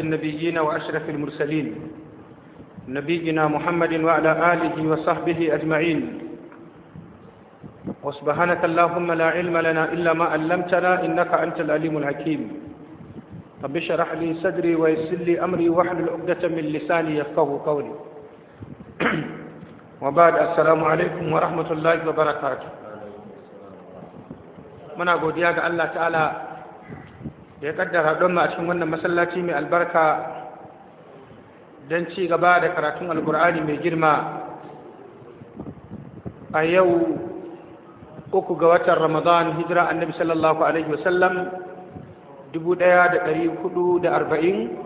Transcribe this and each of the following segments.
النبيين وأشرف المرسلين نبينا محمد وعلى آله وصحبه أجمعين وسبحانك اللهم لا علم لنا إلا ما علمتنا إنك أنت العليم الحكيم رب اشرح لي صدري ويسر لي أمري واحلل عقدة من لساني يفقهوا قولي وبعد السلام عليكم ورحمة الله وبركاته أقول يا ga الله تعالى da ya kaddara don mu a cikin wannan masallaci mai albarka don ci gaba da karatun alkur'ani mai girma a yau uku ga watan ramadan hijira annabi sallallahu alaihi wasallam dubu ɗaya da ɗari hudu da arba'in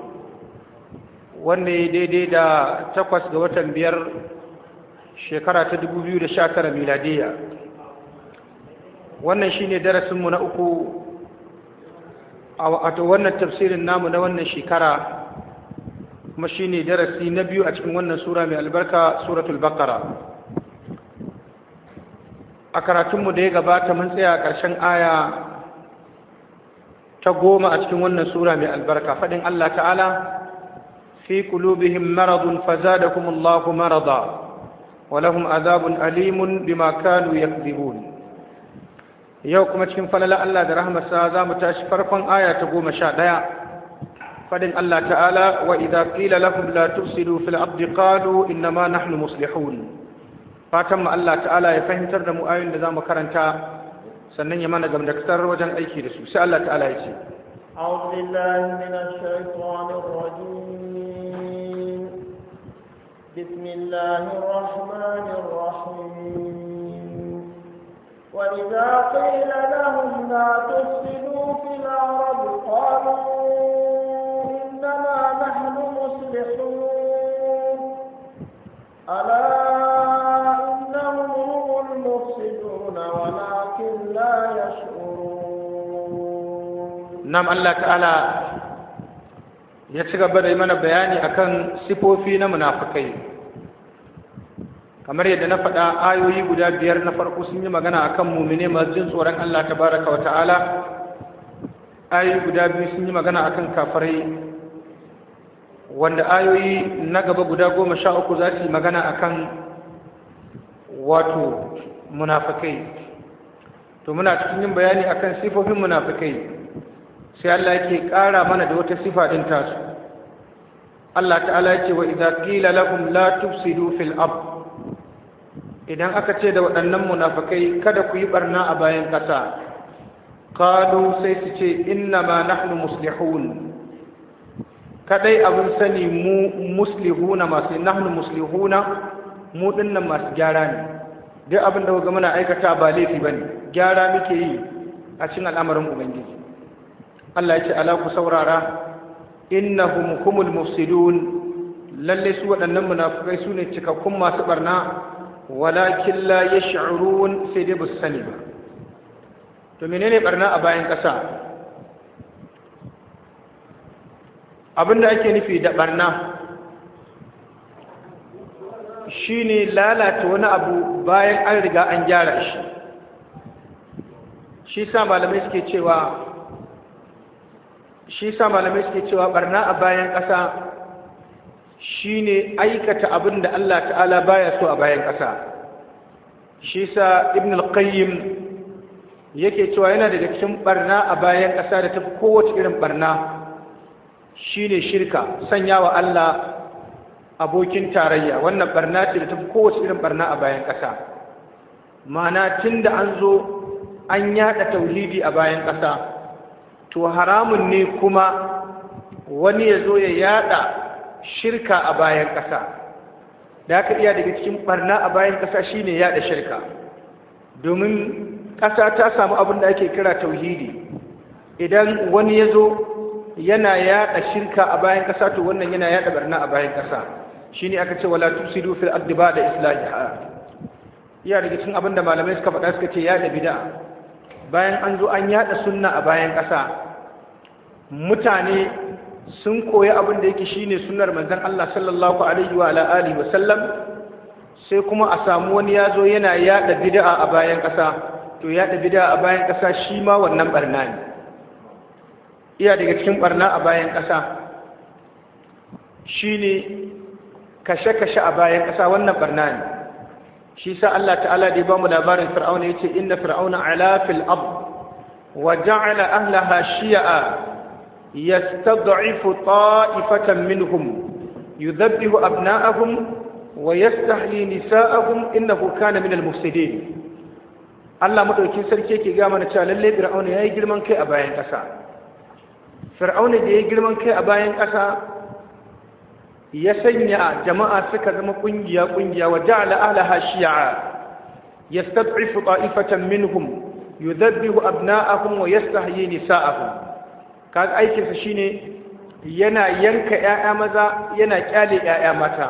wanda ya daidai da takwas ga watan biyar shekara ta dubu biyu da sha tara miladiya wannan shine darasinmu na uku a wato wannan tafsirin namu na wannan shekara kuma shine darasi na biyu a cikin wannan sura mai albarka suratul baqara a karatunmu da ya gabata mun tsaya a ƙarshen aya ta goma a cikin wannan sura mai albarka faɗin Allah ta'ala fi qulubihim maradun fazadakum Allahu marada wa lahum adhabun alimun bima kanu yakdhibun yau kuma cikin falala Allah da rahmarsa za mu tashi farkon aya ta goma sha ɗaya fadin Allah ta'ala wa idza qila lahum la tufsidu fil ardi qalu innama nahnu muslihun fatan mu Allah ta'ala ya fahimtar da mu ayoyin da zamu karanta sannan ya mana gamdakatar wajen aiki da su sai Allah ta'ala ya ce أعوذ بالله من الشيطان الرجيم بسم الله الرحمن الرحيم وإذا قيل لهم لا تفسدوا في الأرض قالوا إنما نحن مصلحون ألا إنهم هم المفسدون ولكن لا يشعرون نعم الله تعالى ya ci gaba da mana bayani akan sifofi kamar yadda na faɗa ayoyi guda biyar na farko sun yi magana kan mumine masu jin tsoron Allah ta baraka wa ta'ala ayoyi guda biyu sun yi magana a kan kafarai, wanda ayoyi na gaba guda goma sha uku za su yi magana a kan wato munafakai. to muna cikin yin bayani a kan sifofin munafakai? sai Allah yake ƙara mana da wata sifa ɗin tasu Allah ta'ala yake wa idza qila lahum la tufsidu fil ard idan aka ce da waɗannan munafakai kada ku yi ɓarna a bayan ƙasa kalu sai su ce inna ma nahnu muslihun kadai abin sani mu muslihuna masu nahnu muslihuna mu dinnan masu gyara ne duk abin da muna aikata ba laifi ba ne, gyara muke yi a cikin al'amarin ubangiji Allah ya ce ala ku saurara innahum humul mufsidun lalle su waɗannan munafukai su ne cikakkun masu ɓarna. walakin la yash'urun sai dai basu sani ba to menene barna a bayan ƙasa abinda ake nufi da barna shine lalata wani abu bayan an riga an gyara shi shi sa malamai suke cewa shi sa malamai suke cewa barna a bayan ƙasa Shi ne aikata abin da Allah ta'ala baya so a bayan ƙasa shi sa ibn al-qayyim yake cewa yana daga cikin barna a bayan ƙasa da ta kowace irin barna shine shirka sanya wa Allah abokin tarayya wannan barna ce da tafi kowace irin barna a bayan ƙasa ma'ana tun da an zo an yaɗa tauhidi a bayan ƙasa to haramun ne kuma wani ya zo ya yaɗa. shirka a bayan ƙasa da aka iya daga cikin barna a bayan ƙasa shine yaɗa shirka domin ƙasa ta samu abin da ake kira tauhidi idan wani ya zo yana yaɗa shirka a bayan ƙasa to wannan yana yaɗa barna a bayan ƙasa shine aka ce wala tusidu fil ardi da islahiha iya daga cikin abin da malamai suka faɗa suka ce yaɗa bid'a bayan an zo an yaɗa sunna a bayan ƙasa mutane sun koyi abin da yake shine sunnar manzon Allah sallallahu alaihi wa alihi wa sallam sai kuma a samu wani ya zo yana yada bid'a a bayan ƙasa to yada bid'a a bayan ƙasa shi ma wannan barna ne iya daga cikin barna a bayan ƙasa shine kashe-kashe a bayan ƙasa wannan barna ne shi sa Allah ta'ala da ya bamu mu labarin fir'auna yace inna fir'auna ala fil ard wa ja'ala ahlaha shi'a يستضعف طائفة منهم يذبه أبناءهم ويستحيي نساءهم إنه كان من المفسدين Allah madaukin sarki yake ga mana cewa lalle Fir'auna yayi girman kai a bayan ƙasa Fir'auna da yayi girman kai a bayan ƙasa ya sanya jama'a suka zama kungiya kungiya wa ja'ala ahlaha shi'a yastad'ifu qa'ifatan minhum yudabbihu abna'ahum wa yastahyi nisa'ahum kaga aikinsa shine yana yanka ‘ya'ya maza yana ƙyale ‘ya'ya mata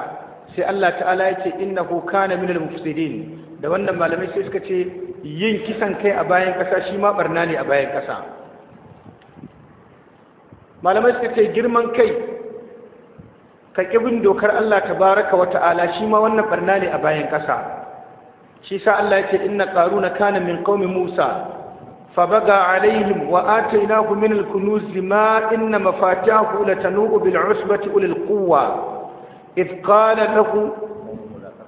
sai Allah ta'ala ya ce innahu kana minal mufsidin da wannan malamai sai suka ce yin kisan kai a bayan ƙasa shi ma barna ne a bayan ƙasa malamai suka ce girman kai ka bin dokar Allah tabaraka wa ta'ala shi ma wannan barna ne a bayan ƙasa shi sa Allah ya ce inna na kana min qaumi Musa فبقى عليهم وآتيناه من الكنوز ما إن مفاتاه لتنوء بالعصبة أولي القوة إذ قال له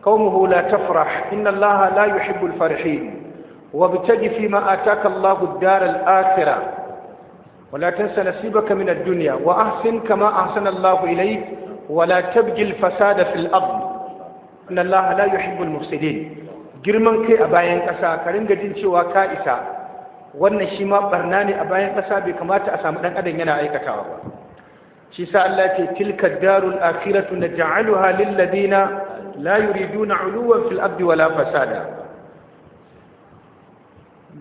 قومه لا تفرح إن الله لا يحب الفرحين وابتغ فيما آتاك الله الدار الآخرة ولا تنس نصيبك من الدنيا وأحسن كما أحسن الله إليك ولا تبغي الفساد في الأرض إن الله لا يحب المفسدين جرمان كي a bayan ƙasa ka ringa wannan shi ma barna ne a bayan ƙasa bai kamata a samu ɗan adam yana aikatawa ba shi sa Allah ce tilka darul akhiratu naj'aluha lil ladina la yuriduna uluwan fil ardi wala fasada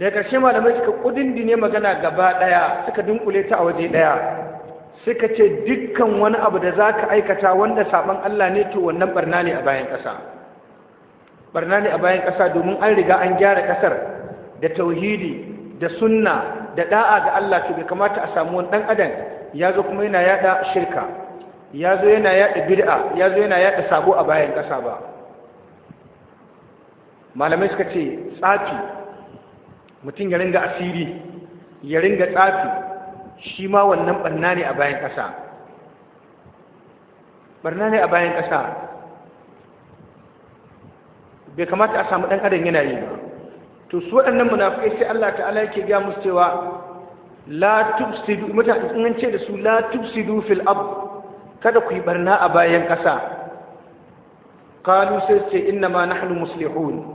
da ƙarshe malamai suka kudin ne magana gaba ɗaya suka dunkule ta a waje ɗaya suka ce dukkan wani abu da za ka aikata wanda saban Allah ne to wannan barna ne a bayan ƙasa barna ne a bayan ƙasa domin an riga an gyara ƙasar da tauhidi da sunna da da'a ga Allah to bai kamata a samu wani dan adam ya zo kuma yana yada shirka ya zo yana yada bid'a ya zo yana yada sabo a bayan kasa ba malamai suka ce tsafi mutum ya ringa asiri ya ringa tsafi shi ma wannan barna ne a bayan kasa barna ne a bayan kasa bai kamata a samu dan adam yana yi ba to su waɗannan munafikai sai Allah ta'ala yake ga musu cewa la tufsidu mutane in ce da su la tufsidu fil ab kada ku yi barna a bayan ƙasa qalu sai ce inna ma nahnu muslihun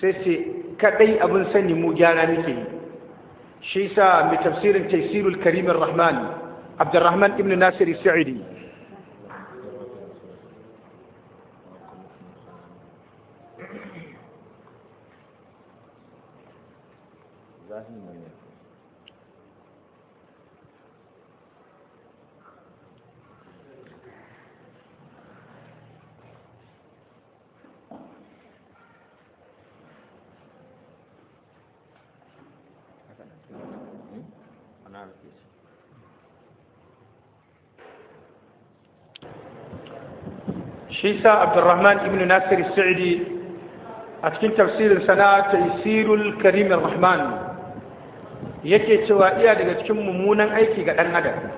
sai ce kadai abin sani mu gyara muke yi shi mai tafsirin tafsirul karim rahman abdurrahman ibn nasir sa'idi shisa abdurrahman ibn nasir sa'idi a cikin tafsirin sana taisirul karim rahman yake cewa iya daga cikin mummunan aiki ga dan adam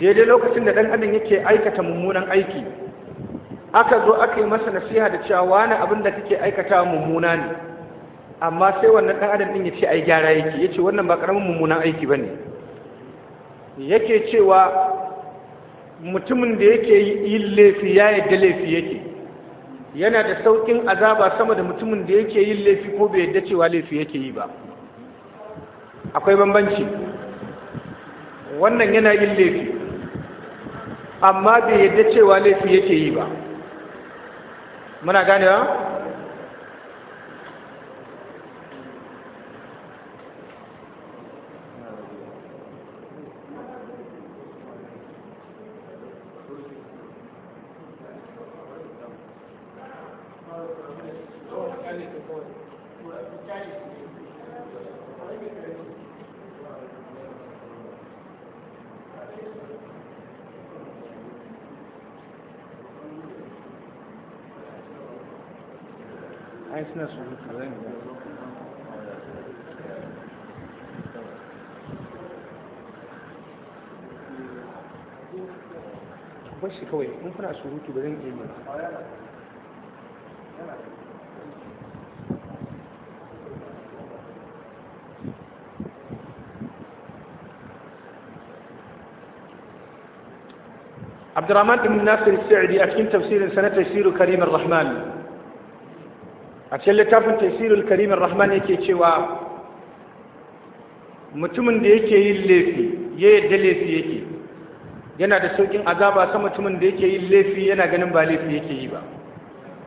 daidai lokacin da dan adam yake aikata mummunan aiki aka zo aka yi masa nasiha da cewa wani abin da kake aikata mummuna ne amma sai wannan dan adam din ya ce ai gyara yake yace wannan ba karamin mummunan aiki bane yake cewa mutumin da yake yin laifi ya yadda laifi yake yana da sauƙin azaba sama da mutumin da yake yin laifi ko bai yadda cewa laifi yake yi ba akwai bambanci wannan yana yin laifi amma bai yadda cewa laifi yake yi ba muna ganewa ناس في الخزائن bashi kawai in kuna surutu عبد الرحمن بن ناصر السعدي أكين تفسير سنة تفسير كريم الرحمن a cikin littafin tafsirul karimin rahman yake cewa mutumin da yake yin laifi ya yadda laifi yake yana da saukin azaba sa mutumin da yake yin laifi yana ganin ba laifi yake yi ba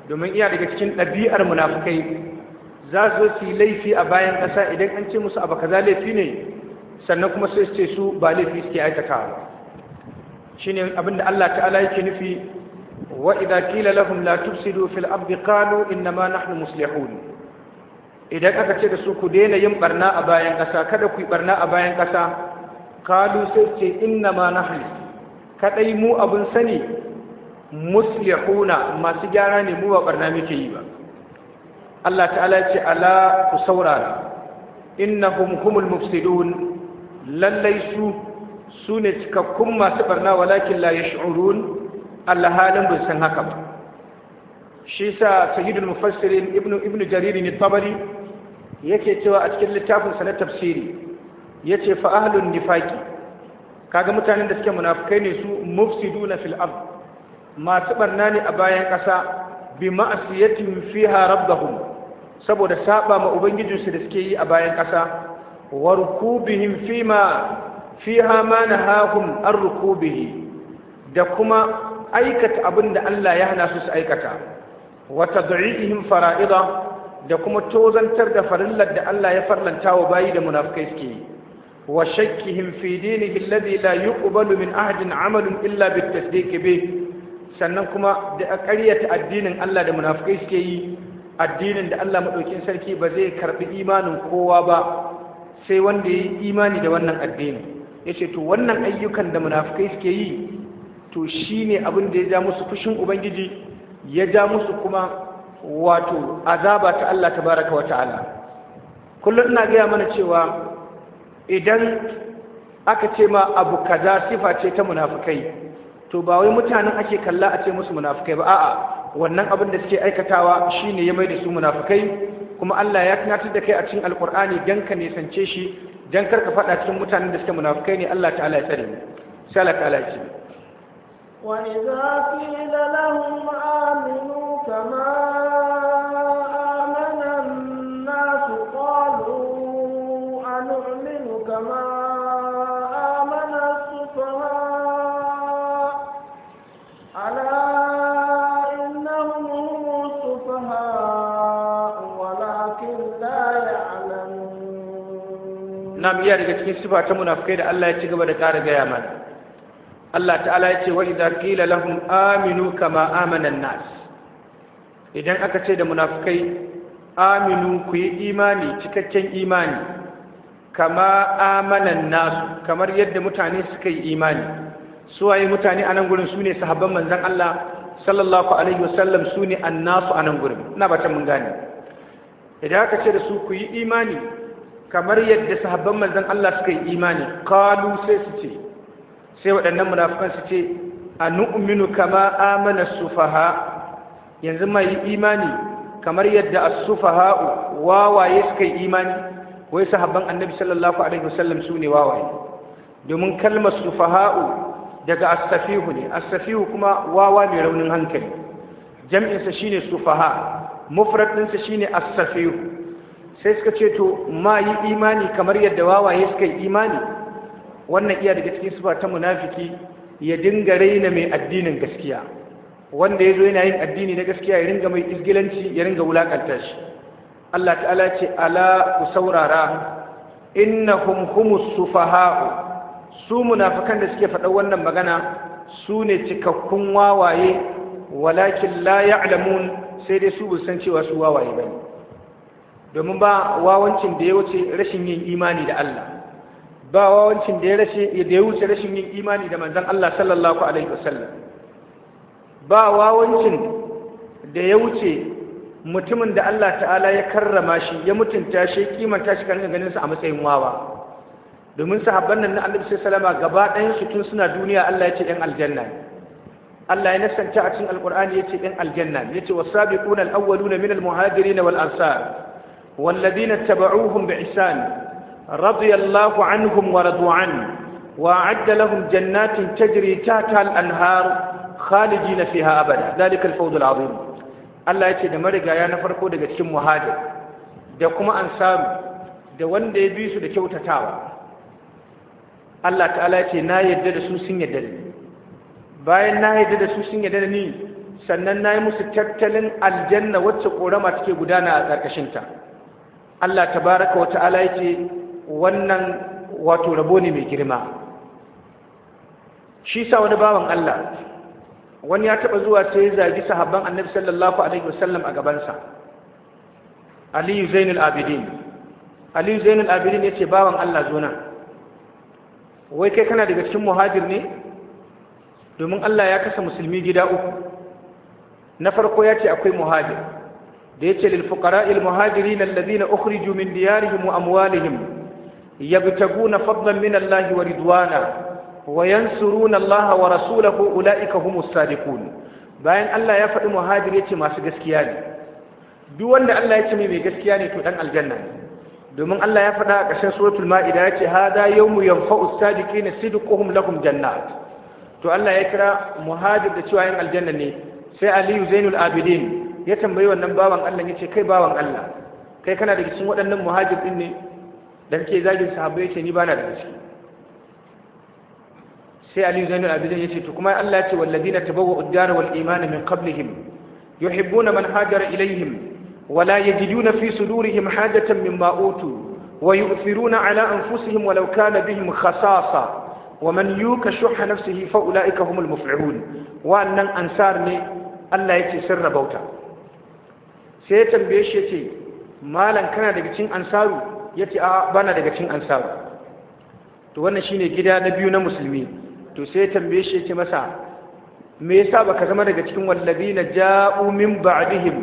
domin iya daga cikin ɗabi'ar munafukai za su yi laifi a bayan ƙasa idan an ce musu abu kaza laifi ne sannan kuma sai su ce su ba laifi suke aikatawa shine abin da Allah ta'ala yake nufi وإذا قيل لهم لا تفسدوا في الأرض قالوا إنما نحن مصلحون idan aka ce da su ku daina yin barna a bayan ƙasa kada ku yi barna a bayan ƙasa kalu sai ce inna ma nahnu kadai mu abun sani muslihuna masu gyara ne mu ba barna muke yi ba Allah ta'ala ya ce ala ku saurara innahum humul mufsidun lallai su su ne cikakkun masu barna walakin la yash'urun alhalin bin san haka ba shi sa sayyidul mufassirin Ibn ibnu jarir ne tabari yake cewa a cikin littafin sa na tafsiri yace fa ahlun nifaqi kaga mutanen da suke munafikai ne su mufsiduna fil ard masu barna ne a bayan ƙasa bi ma'asiyatin fiha rabbahum saboda saba ma ubangijinsu da suke yi a bayan ƙasa wa rukubihim fima fiha ma nahahum an rukubihi da kuma aikata abin da Allah ya hana su su aikata wata tad'ihim fara'ida da kuma tozantar da farillar da Allah ya farlanta wa bayi da munafukai suke yi wa shakkihim fi dinihi alladhi la yuqbalu min ahadin amalun illa bit tasdiq sannan kuma da ƙaryata addinin Allah da munafukai suke yi addinin da Allah madaukin sarki ba zai karbi imanin kowa ba sai wanda ya yi imani da wannan addini yace to wannan ayyukan da munafukai suke yi to shi ne abin da ya ja musu fushin ubangiji ya ja musu kuma wato azaba ta Allah ta baraka wa ta'ala kullum ina gaya mana cewa idan aka ce ma abu kaza sifa ce ta munafukai to ba wai mutanen ake kalla a ce musu munafukai ba a'a wannan abin da suke aikatawa shi ne ya mai da su munafukai kuma Allah ya tunatar da kai a cikin alkur'ani dan ka nisance shi dan karka faɗa cikin mutanen da suke munafukai ne Allah ta'ala ya tsare mu sai Allah ta'ala ya ce Wani zaki da lambu Aminu kama, mana nasu ɓalu Aminu Na biya rigar ciki su fata muna da Allah ya ci gaba da tsarin gaya mana Allah ta'ala ya ce wa idza qila lahum aminu kama amana nas idan aka ce da munafikai aminu ku yi imani cikakken imani kama amana nas kamar yadda mutane suka yi imani su waye mutane anan gurin su ne sahabban manzon Allah sallallahu alaihi wasallam su ne annasu anan gurin ina ba ta mun gane idan aka ce da su ku yi imani kamar yadda sahabban manzon Allah suka yi imani qalu sai su ce sai waɗannan munafukan su ce a nu'minu kama amana sufaha yanzu mai imani kamar yadda a sufaha wawaye suka yi imani wai sahabban annabi sallallahu alaihi wasallam su ne wawaye domin kalmar sufaha daga asafihu ne asafihu kuma wawa mai raunin hankali jam'insa shine sufaha mufrad ɗinsa shine asafihu sai suka ce to ma yi imani kamar yadda wawaye suka yi imani wannan iya daga cikin sifa ta munafiki ya dinga raina mai addinin gaskiya wanda ya zo yana yin addini na gaskiya ya ringa mai izgilanci ya ringa wulakanta shi Allah ta'ala ce ala ku saurara innahum humus sufaha'u su munafikan da suke faɗa wannan magana su ne cikakkun wawaye walakin la ya'lamun sai dai su san cewa su wawaye bane domin ba wawancin da ya wuce rashin yin imani da Allah ba wawancin da ya rashe da ya wuce rashin yin imani da manzon Allah sallallahu alaihi wasallam ba wawancin da ya wuce mutumin da Allah ta'ala ya karrama shi ya mutunta shi kimanta shi kan ganin sa a matsayin wawa domin sahabban nan na Annabi sallallahu alaihi gaba ɗayan su tun suna duniya Allah ya ce ɗan aljanna Allah ya nasanta a cikin Alƙur'ani ya ce ɗan aljanna ya ce wasabiquna alawwaluna min almuhajirin wal ansar والذين اتبعوهم بإحسان رضي الله عنهم ورضوا عنه وأعد لهم جنات تجري تحتها الأنهار خالدين فيها أبدا ذلك الفوز العظيم الله يتي da marigaya na farko daga cikin muhajir da kuma ansaru da wanda ya bi su da kyautatawa Allah ta'ala ya ce na yadda da su sun yarda da ni bayan na yadda da su sun yarda da ni sannan na yi musu tattalin aljanna wacce korama take gudana a ƙarƙashinta Allah tabaraka wa ta'ala ya ce wannan wato rabo ne mai girma shi sa wani bawan Allah wani ya taɓa zuwa sai zagi sahabban annabi sallallahu alaihi wasallam a gabansa aliyu zainul abidin aliyu zainul abidin ya ce bawan Allah zo nan wai kai kana daga cikin muhajir ne domin Allah ya kasa musulmi gida uku na farko ya ce akwai muhajir da ya ce lil fuqara al muhajirin alladhina ukhriju min diyarihim wa amwalihim يبتغون فضلا من الله ورضوانا وينصرون الله ورسوله أولئك هم الصادقون bayan Allah ya faɗi muhajir ya ce masu gaskiya ne duk wanda Allah ya ce mai gaskiya ne to dan aljanna ne domin Allah ya faɗa a ƙarshen suratul ma'ida ya ce hada yawmu yanfa'u sadiqina sidquhum lahum jannat to Allah ya kira muhajir da cewa yan aljanna ne sai Aliyu Zainul Abidin ya tambayi wannan bawan Allah ya ce kai bawan Allah kai kana daga cikin waɗannan muhajir din ne dan ke zagin sahabbai ce ni bana da gaske sai Ali Zainul Abidin yace to kuma Allah ce walladina tabawwa'u ad wal iman min qablihim yuhibbuna man hajara ilayhim ولا يجدون في صدورهم حاجة مما أوتوا ويؤثرون على أنفسهم ولو كان بهم خصاصة ومن يوك شح نفسه فأولئك هم المفلحون وأن أنصار ني الله يتي سر بوتا سيتم بيشيتي مالا كان دقيتين أنصارو yace a bana daga cikin ansar to wannan shine gida na biyu na musulmi to sai tambaye shi yace masa me yasa baka zama daga cikin wallazina ja'u min ba'dihim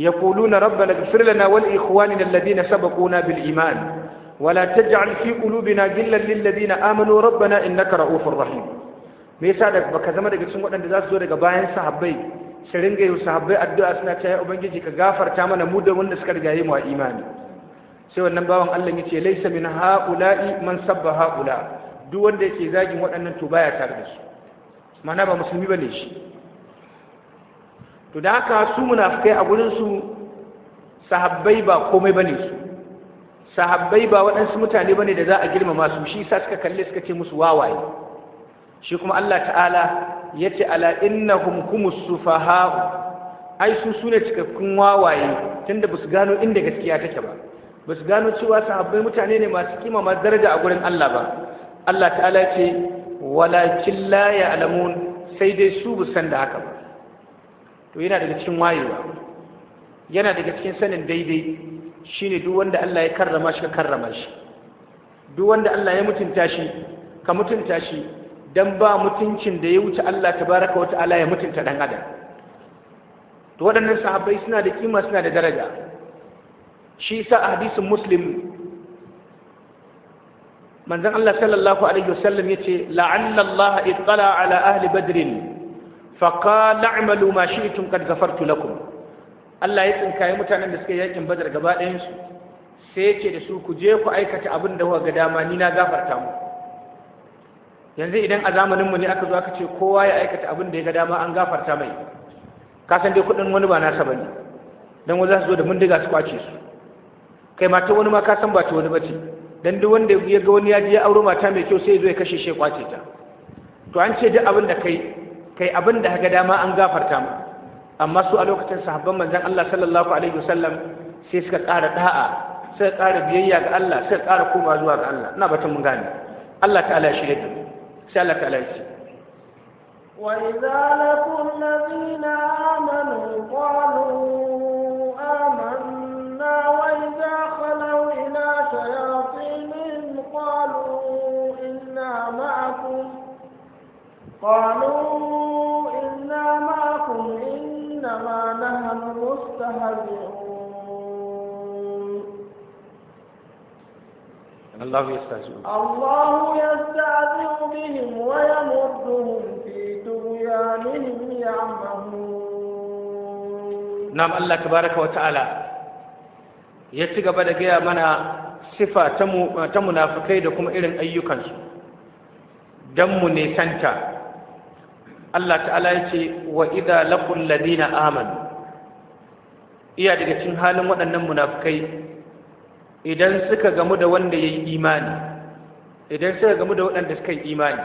yaquluna rabbana ighfir lana wal ikhwanina alladhina sabaquna bil iman wala taj'al fi qulubina ghillan lil ladina amanu rabbana innaka ra'ufur rahim me yasa da baka zama daga cikin wadanda za su zo daga bayan sahabbai shirin ringa yi sahabbai addu'a suna cewa ubangiji ka gafarta mana mu da wanda suka riga yi mu imani sai wannan bawan Allah ce laysa min haula'i man sabba haula duk wanda yake zagin waɗannan to baya tare da su mana ba musulmi bane shi to da haka su munafikai a gurin su sahabbai ba komai bane su sahabbai ba waɗansu mutane bane da za a girmama su shi sa suka kalle suka ce musu wawaye shi kuma Allah ta'ala ya ce ala innahum kumus sufaha ai su sune cikakkun wawaye tunda ba su gano inda gaskiya take ba ba su gano cewa sahabbai mutane ne masu kima masu daraja a gurin Allah ba Allah ta'ala ce walakin la ya'lamun sai dai su bu san da haka ba to yana daga cikin wayewa yana daga cikin sanin daidai shine duk wanda Allah ya karrama shi ka karrama shi duk wanda Allah ya mutunta shi ka mutunta shi dan ba mutuncin da ya wuce Allah tabaraka wa ta'ala ya mutunta dan adam to waɗannan sahabbai suna da kima suna da daraja shi sa a hadisin muslim manzan Allah sallallahu alaihi wasallam ce, la'anna Allah ittala ala ahli badr fa qala a'malu ma shi'tum qad ghafartu lakum Allah ya tsinkaye mutanen da suka yakin badar gaba ɗayan sai yace da su ku je ku aikata abin da kuka ga dama ni na gafarta mu yanzu idan a zamanin mu ne aka zo aka ce kowa ya aikata abin da ya ga dama an gafarta mai ka san dai kuɗin wani ba nasa bane dan wani za su zo da mundiga su kwace su kai mata wani ma ka san ba ta wani ce dan duk wanda ya ga wani ya je aure auro mata mai kyau sai ya zo ya kashe shi ya kwace ta to an ce duk abin da kai kai abin da haka dama an gafarta mu amma su a lokacin sahabban manzon Allah sallallahu alaihi wasallam sai suka ƙara da'a suka ƙara biyayya ga Allah suka ƙara koma zuwa ga Allah ina batun mun gane Allah ta'ala ya shirye sai Allah ta'ala ya ce وإذا لقوا الذين آمنوا قالوا معكم قالوا إنا معكم إنما نحن مستهزئون الله يستهزئ الله يستهزئ بهم ويمرهم في طغيانهم يعمهون نعم الله تبارك وتعالى ya ci gaba da gaya mana sifa ta munafukai da kuma irin ayyukansu dan mu ne santa Allah ta'ala ya ce wa idza laqul ladina amanu iya daga cikin halin waɗannan munafukai idan suka gamu da wanda ya yi imani idan suka gamu da waɗanda suka yi imani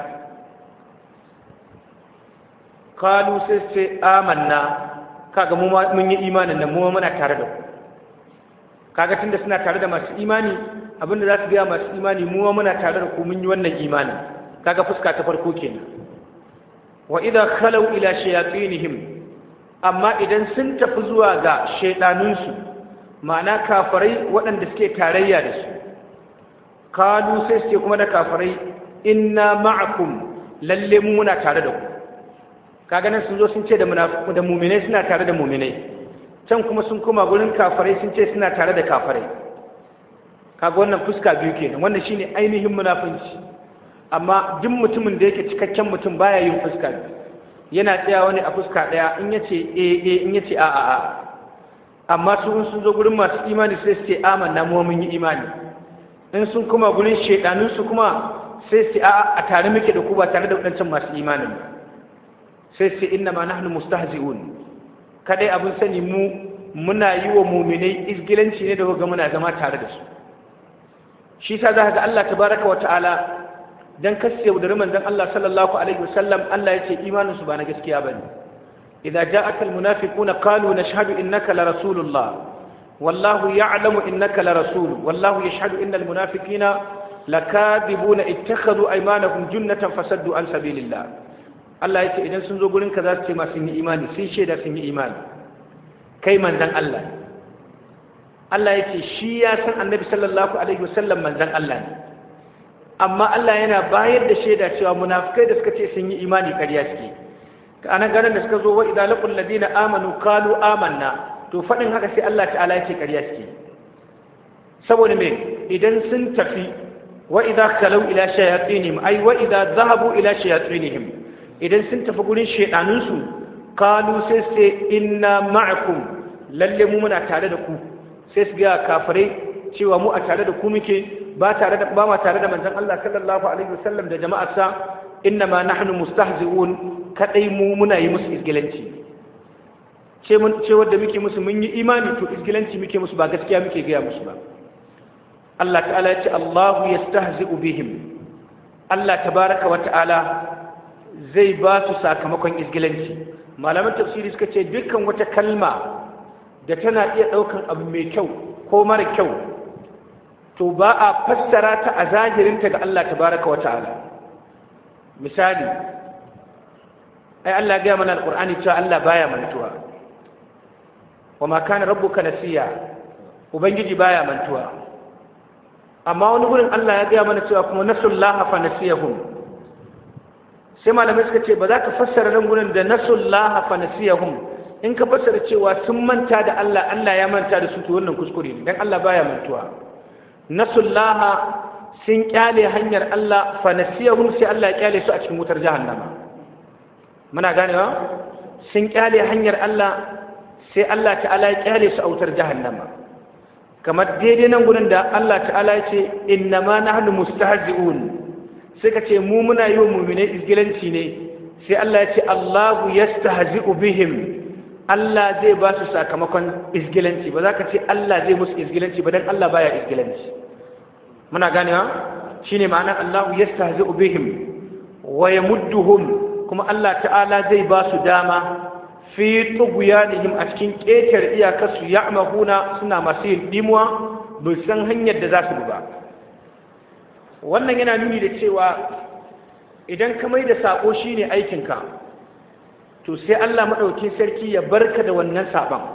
kalu sai sai amanna kaga mu mun yi imanin nan mu muna tare da ku kaga tunda suna tare da masu imani abinda za su gaya masu imani mu muna tare da ku mun yi wannan imanin kaga fuska ta farko kenan wa idan khalau ila shayatinihim amma idan sun tafi zuwa ga shaidanunsu ma'ana kafarai waɗanda suke tarayya da su kanu sai suke kuma da kafarai inna ma'akum lalle mu muna tare da ku kaga nan sun zo sun ce da da muminai suna tare da muminai can kuma sun koma gurin kafarai sun ce suna tare da kafarai kaga wannan fuska biyu kenan wannan shine ainihin munafunci amma duk mutumin da yake cikakken mutum baya yin fuska yana tsayawa ne a fuska ɗaya in yace eh eh in yace a a a amma su in sun zo gurin masu imani sai su ce amanna mu mun yi imani in sun kuma gurin shedanin su kuma sai su a a tare muke da ku ba tare da wadancan masu imani sai su inna ma nahnu mustahzi'un kadai abun sani mu muna yi wa muminai izgilanci ne da ga muna zama tare da su shi sa za ka ga Allah tabaraka wa ta'ala dan kasu yaudari manzon Allah sallallahu alaihi wasallam Allah ya ce imanin su ba na gaskiya ba bane idza ja'aka almunafiquna qalu nashhadu innaka la rasulullah wallahu ya'lamu innaka la rasul wallahu yashhadu innal munafiqina lakadibuna ittakhadhu aymanahum junnatan fasaddu an sabilillah Allah ya ce idan sun zo gurin ka za su ce ma sun yi imani sun shaida sun yi imani kai manzan Allah Allah ya ce shi ya san annabi sallallahu alaihi wasallam manzan Allah ne amma Allah yana bayar da shaida cewa munafikai da suka ce sun yi imani ƙarya suke ana ganin da suka zo wa idza laqul ladina amanu qalu amanna to fadin haka sai Allah ta'ala ya ce ƙarya suke saboda me idan sun tafi wa idza khalu ila shayatinihim ay wa idza dhahabu ila shayatinihim idan sun tafi gurin shedanun su qalu sai sai inna ma'akum lalle mu muna tare da ku sai su ga kafirai cewa mu a tare da ku muke ba tare da ba ma tare da manzon Allah sallallahu alaihi wasallam da jama'arsa innama nahnu mustahzi'un kadai mu muna yi musu izgilanci ce mun ce wanda muke musu mun yi imani to izgilanci muke musu ba gaskiya muke gaya musu ba Allah ta'ala ya ce Allahu yastahzi'u bihim Allah tabaraka wa ta'ala zai ba su sakamakon izgilanci malaman tafsiri suka ce dukkan wata kalma da tana iya ɗaukan abu mai kyau ko mara kyau to ba a fassara ta a zahirinta ga Allah tabaraka wa ta'ala misali ai Allah ya mana alqur'ani cewa Allah baya mantuwa wa ma kana rabbuka nasiya ubangiji baya mantuwa amma wani gurin Allah ya gaya mana cewa kuma nasullaha fa nasiyahum sai malamai suka ce ba za ka fassara nan gurin da nasullaha fa nasiyahum in ka fassara cewa sun manta da Allah Allah ya manta da su to wannan kuskure ne dan Allah baya mantuwa nasullaha sun kyale hanyar Allah fa nasiyahum sai Allah ya kyale su a cikin wutar jahannama muna ganewa sun kyale hanyar Allah sai Allah ta'ala ya kyale su a wutar jahannama kamar daidai nan gurin da Allah ta'ala ya ce innama nahnu mustahzi'un sai ka ce mu muna yi wa mumine izgilanci ne sai Allah ya ce Allahu yastahzi'u bihim Allah zai ba su sakamakon izgilanci ba za ka ce Allah zai musu izgilanci ba dan Allah baya izgilanci muna ganewa shine ma'ana Allahu yastahzi'u bihim wa yamudduhum kuma Allah ta'ala zai ba su dama fi tughyanihim a cikin ƙetar iyakarsu ya'mahuna suna masu yin dimuwa mai san hanyar da za su ba wannan yana nuni da cewa idan ka mai da sako shine aikinka to sai Allah madaukin sarki ya barka da wannan saban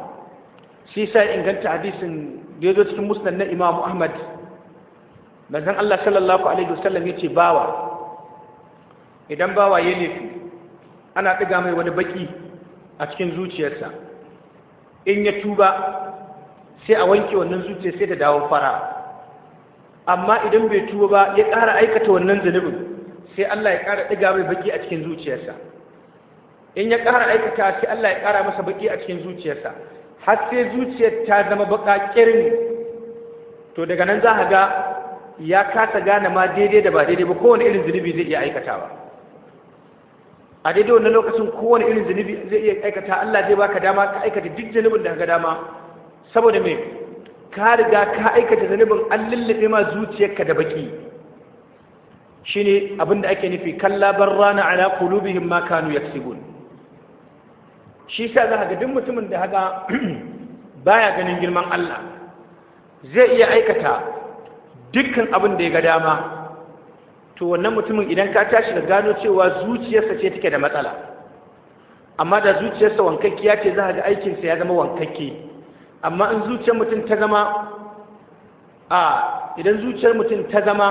shi sai inganta hadisin da ya zo cikin musnad na Imam Ahmad manzon Allah sallallahu alaihi wasallam yace bawa idan bawa ya nufi ana ɗiga mai wani baki a cikin zuciyarsa in ya tuba sai a wanke wannan zuciya sai ta dawo fara amma idan bai tuba ba ya ƙara aikata wannan zunubin sai Allah ya ƙara ɗiga mai baki a cikin zuciyarsa in ya ƙara aikata sai Allah ya ƙara masa baki a cikin zuciyarsa har sai zuciyar ta zama baka ƙirin to daga nan za a ga ya kasa gane ma daidai da ba daidai ba kowane irin zunubi zai iya aikatawa a daidai wannan lokacin kowane irin zunubi zai iya aikata Allah zai baka dama ka aikata duk zunubin da ka dama saboda me ka riga ka aikata zunubin an lullufe ma zuciyarka da baki shine abin da ake nufi kalla barrana ala qulubihim ma kanu yaksibun shi sa za ga duk mutumin da haka baya ganin girman Allah zai iya aikata dukkan abin da ya ga dama to wannan mutumin idan ka tashi da gano cewa zuciyarsa ce take da matsala amma da zuciyarsa wankakkiya ce za a ga aikinsa ya zama wankakke amma in zuciyar mutum ta zama a idan zuciyar mutum ta zama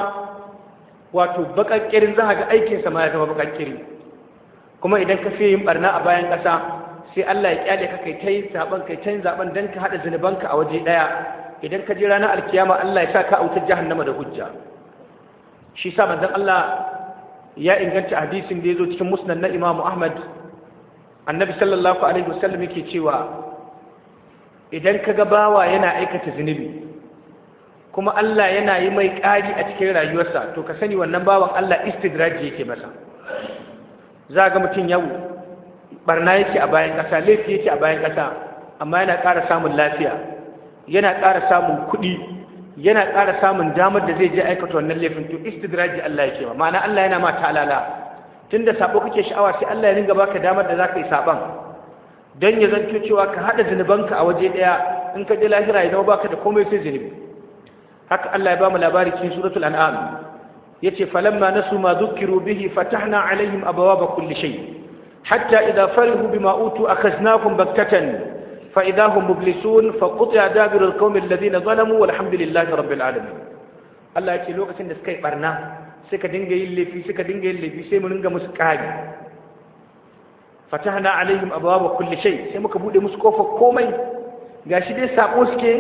wato bakakkirin za a ga aikinsa ma ya zama bakakkiri kuma idan ka fiye yin barna a bayan ƙasa sai Allah ya kyale ka kai ta yi zaɓen kai ta yi don ka haɗa zunubanka a waje ɗaya idan ka je ranar alkiyama Allah ya sa ka autar jahannama da hujja shi sa manzon Allah ya inganta hadisin da ya zo cikin musnad na Imam Ahmad annabi sallallahu alaihi wasallam yake cewa idan ka ga bawa yana aikata zunubi kuma Allah yana yi mai ƙari a cikin rayuwarsa to ka sani wannan bawan Allah istidraji yake masa za ga mutum yau barna yake a bayan ƙasa laifi yake a bayan ƙasa amma yana ƙara samun lafiya yana ƙara samun kuɗi yana ƙara samun damar da zai je aikata wannan laifin to istidraji Allah yake ba ma'ana Allah yana ma talala tunda sabo kake sha'awa sai Allah ya ringa baka damar da zaka yi saban dan ya zanto cewa ka hada zunubanka a waje daya in ka je lahira ya zama baka da komai sai zinib. haka Allah ya ba mu labari cikin suratul an'am yace falamma nasu ma dhukiru bihi fatahna alaihim abwaaba kulli shay hatta idha farihu bima utu akhadnahum baktatan فإذا هم مبلسون فقطع دابر القوم الذين ظلموا والحمد لله رب العالمين Allah ya ce lokacin da suka yi barna suka dinga yin laifi suka dinga yin laifi sai mu dinga musu kari fatahna alaihim abwaaba kulli shay sai muka buɗe musu kofar komai ga shi dai saɓo suke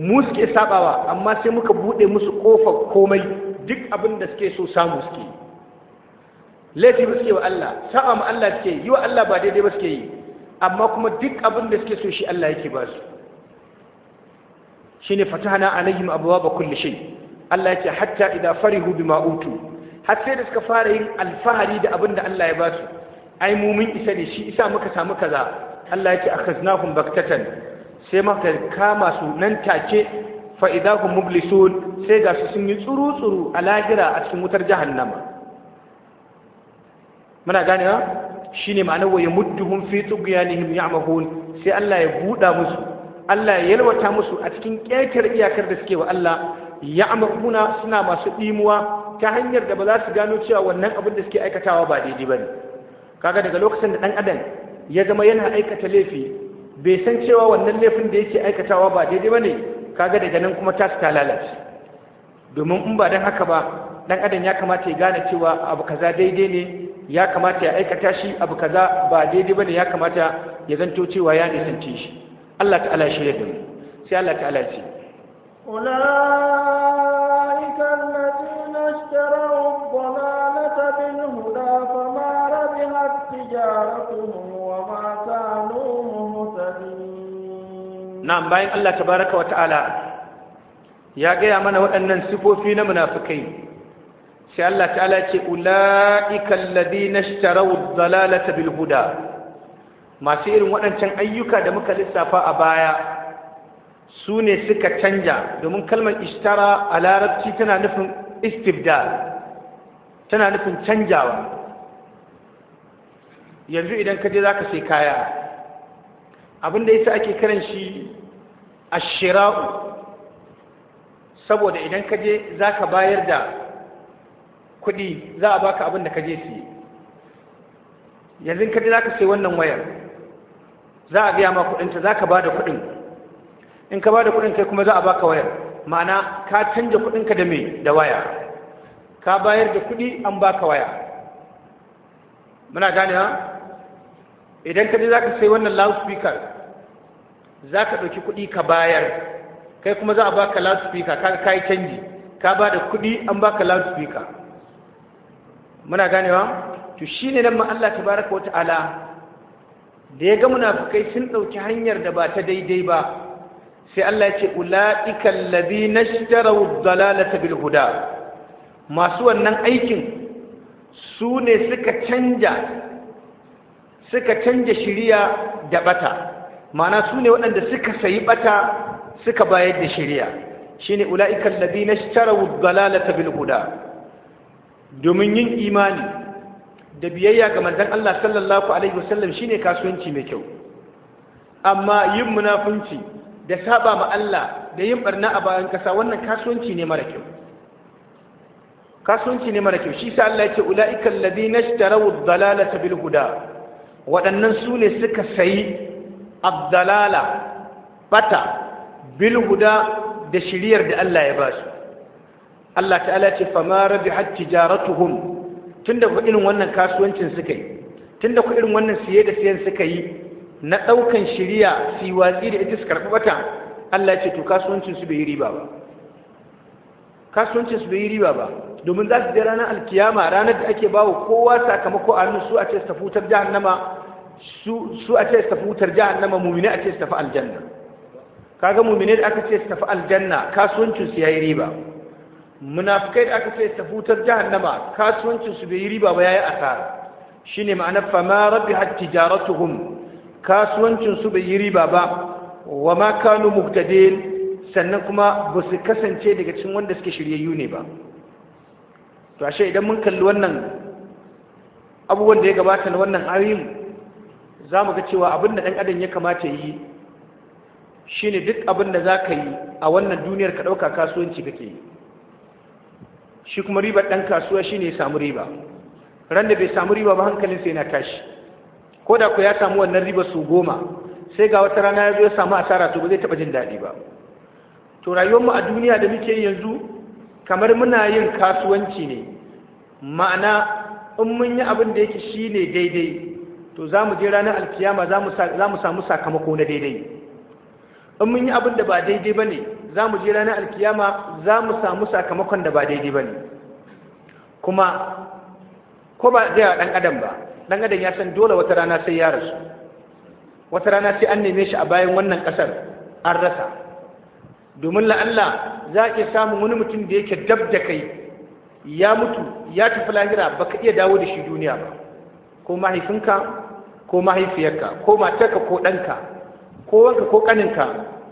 mu suke saɓawa, amma sai muka buɗe musu kofar komai duk abin da suke so samu suke laifi ba suke wa Allah saba ma Allah suke yi wa Allah ba daidai ba suke yi amma kuma duk abin da suke so shi Allah yake ba su shine fatahna alaihim abwaaba kulli shay Allah yake hatta idza farihu bima utu har sai da suka fara yin alfahari da abin da Allah ya ba su ai mumin isa ne shi isa muka samu kaza Allah yake akhaznahum baktatan sai muka kama su nan take fa idza mublisun sai ga su sun yi tsuru tsuru a lahira a cikin wutar jahannama muna ganewa Shi ne ma'anar wa hun fi tughyanihim ya'mahun sai Allah ya buɗa musu Allah ya yalwata musu a cikin ƙetar iyakar da suke wa Allah ya'mahuna suna masu ɗimuwa ta hanyar da ba za su gano cewa wannan abin da suke aikatawa ba daidai ba ne kaga daga lokacin da ɗan adam ya zama yana aikata laifi bai san cewa wannan laifin da yake aikatawa ba daidai ba ne kaga daga nan kuma ta su ta lalace domin in ba don haka ba ɗan adam ya kamata ya gane cewa abu kaza daidai ne ya kamata ya aikata shi abu kaza ba daidai bane ya kamata ya zanto cewa ya nisanci shi Allah ta'ala shi ya sai Allah ta'ala ce أولئك na اشتروا الضلالة بالهدى فما wa تجارتهم ya gaya mana waɗannan sifofi na munafukai sai Allah ta'ala ce ula'ika alladhi ishtaraw ad-dalalata bil huda masu irin waɗancan ayyuka da muka lissafa a baya su ne suka canja domin kalmar ishtara a larabci tana nufin istibdal tana nufin canjawa yanzu idan ka je za ka sai kaya Abin abinda yasa ake karan shi ashira'u saboda idan ka je za ka bayar da kuɗi za a baka abin da ka je yi yanzu ka je za ka sai wannan wayar za a biya ma kuɗinta za ka ba da kuɗin in ka ba da kuɗin kai kuma za a baka wayar ma'ana ka canja kuɗinka da me da waya ka bayar da kuɗi an baka waya muna gane ha idan ka je za ka sai wannan loudspeaker za ka ɗauki kuɗi ka bayar kai kuma za a baka loudspeaker ka yi canji ka ba da kuɗi an baka loudspeaker muna ganewa to shine nan ma Allah tabaraka wata'ala da ya ga munafukai sun ɗauki hanyar da ba ta daidai ba sai Allah ya ce ulaiikal allazina ishtaraw ad-dalalata bil huda masu wannan aikin su ne suka canja suka canja shiriya da bata ma'ana su ne waɗanda suka sayi bata suka bayar da shiriya shine ulaiikal labi ishtaraw ad-dalalata bil huda domin yin imani da biyayya ga manzon Allah sallallahu alaihi wasallam shine kasuwanci mai kyau amma yin munafunci da saba ma Allah da yin barna a bayan kasa wannan kasuwanci ne mara kyau kasuwanci ne mara kyau shi sa Allah ya ce ulaika alladhina ishtaraw ad-dalalata bil huda waɗannan su ne suka sayi ad-dalala bata bil huda da shiriyar da Allah ya ba su Allah ta'ala ce fama rabihat jaratuhum tunda ku irin wannan kasuwancin suka yi tunda ku irin wannan siye da siyan suka yi na ɗaukan shiriya su watsi da ita su karɓi bata, Allah ce to kasuwancin su bai yi riba ba kasuwancin su bai yi riba ba domin za su je ranar alkiyama ranar da ake bawa kowa sakamako a hannun su a ce su tafi wutar jahannama su a ce su tafi wutar jahannama mumine a ce su tafi aljanna kaga mumine da aka ce su tafi aljanna kasuwancin su yayi riba munafikai da aka ce ta hutar jahannama kasuwancin su bai yi riba ba yayi asara shine ma'ana fa ma rabihat tijaratuhum kasuwancin su bai yi riba ba wa ma kanu muktadin sannan kuma ba su kasance daga cikin wanda suke shiryayyu ne ba to ashe idan mun kalli wannan abubuwan da ya gabata na wannan ayoyin za mu ga cewa abin da ɗan adam ya kamata yi shine duk abin da za ka yi a wannan duniyar ka ɗauka kasuwanci kake yi shi kuma ribar ɗan kasuwa shine ya samu riba ran da bai samu riba ba hankalin sai na tashi ko da ku ya samu wannan riba su goma sai ga wata rana ya zo ya samu asara to ba zai taɓa jin daɗi ba to mu a duniya da muke yanzu kamar muna yin kasuwanci ne ma'ana in mun yi abin da yake shi ne daidai to za mu je ranar alkiyama za mu samu sakamako na daidai in mun yi abin da ba daidai ba ne za mu je ranar alkiyama za mu samu sakamakon da ba daidai ba ne kuma ko ba zai wa ɗan adam ba ɗan adam ya san dole wata rana sai ya rasu wata rana sai an neme shi a bayan wannan ƙasar an rasa domin la'alla za a iya samun wani mutum da yake dab da kai ya mutu ya tafi lahira ka iya dawo da shi duniya ba ko mahaifinka ko mahaifiyarka ko matarka ko ɗanka ko wanka ko kaninka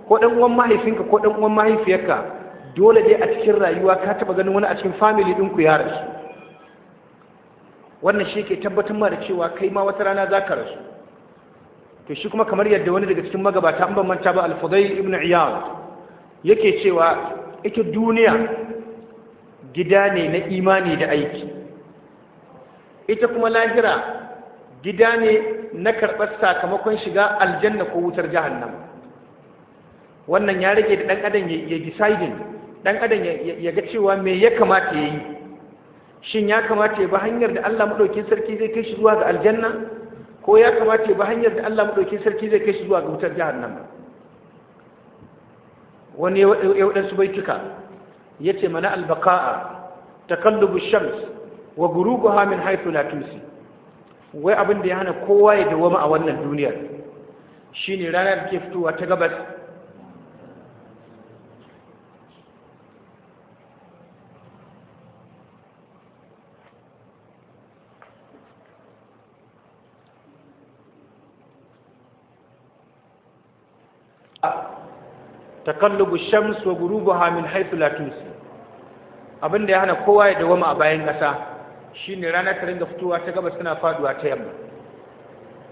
ko dan uwan mahaifinka ko dan uwan mahaifiyarka dole dai a cikin rayuwa ka taba ganin wani a cikin family ɗinku ya rasu wannan shi ke tabbatar ma da cewa kai ma wata rana za ka rasu to shi kuma kamar yadda wani daga cikin magabata an ban manta ba al-fudayl ibn iyad yake cewa ita duniya gida ne na imani da aiki ita kuma lahira gida ne na karɓar sakamakon shiga aljanna ko wutar jahannama wannan ya rage da ɗan adam ya deciding ɗan adam ya ga cewa me ya kamata ya yi shin ya kamata ya bi hanyar da Allah maɗaukin sarki zai kai shi zuwa ga aljanna ko ya kamata ya bi hanyar da Allah maɗaukin sarki zai kai shi zuwa ga wutar jahannama wani ya waɗansu baituka ya ce mana albaka'a takallubu shams wa guruguha min haythu la tusi. wai abin da ya hana kowa ya dawoma a wannan duniyar shine rana da ke fitowa ta gabas Ta kallubu shams wa gurubu hamil haifu la abin da ya hana kowa ya dawama a bayan ƙasa shine rana ta ringa fitowa ta gabas tana faduwa ta yamma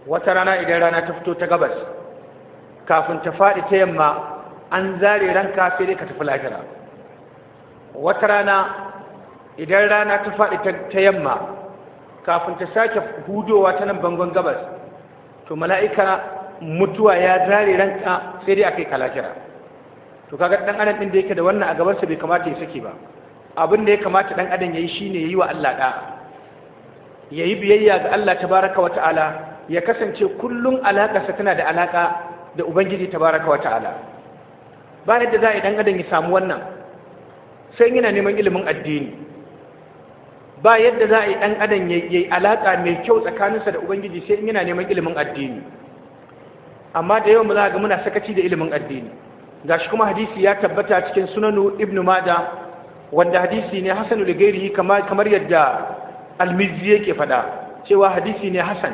wata rana idan rana ta fito ta gabas kafin ta fadi ta yamma an zare ranka sai dai ka tafi lahira wata rana idan rana ta fadi ta yamma kafin ta sake hudowa ta nan bangon gabas to mala'ika mutuwa ya zare ranka sai dai a kai ka lahira to kaga dan adam din da yake da wannan a gabansa bai kamata ya sake ba abin da ya kamata ɗan adam ne ya yi wa Allah Ya yi biyayya ga Allah Ta wa wata'ala ya kasance kullum alakarsa tana da alaƙa da ubangiji Ta wa wata'ala ba yadda za a yi dan adam ya samu wannan sai yana neman ilimin addini ba yadda za a yi dan adam yi alaƙa mai kyau tsakaninsa da ubangiji sai yana neman ilimin addini amma da yawan mu za ga muna sakaci da ilimin addini gashi kuma hadisi ya tabbata cikin sunanu ibnu mada wanda hadisi ne hasan ulgairi gairi kamar yadda almizi yake faɗa cewa hadisi ne hasan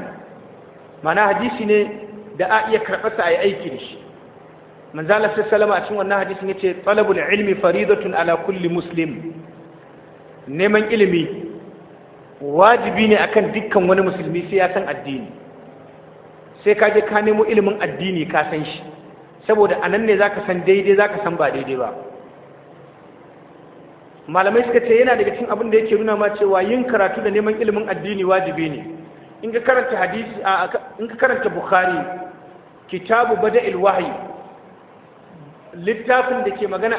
mana hadisi ne da a iya karɓarsa a yi aiki da shi manzala sai salama a cikin wannan hadisin yace talabul ilmi faridatun ala kulli muslim neman ilimi wajibi ne akan dukkan wani musulmi sai ya san addini sai ka je ka nemo ilimin addini ka san shi saboda anan ne zaka san daidai zaka san ba daidai ba malamai suka ce yana daga cikin abin da yake nuna ma cewa yin karatu da neman ilimin addini wajibi ne in ka karanta hadisi bukhari kitabu bada'il wahyi littafin da ke magana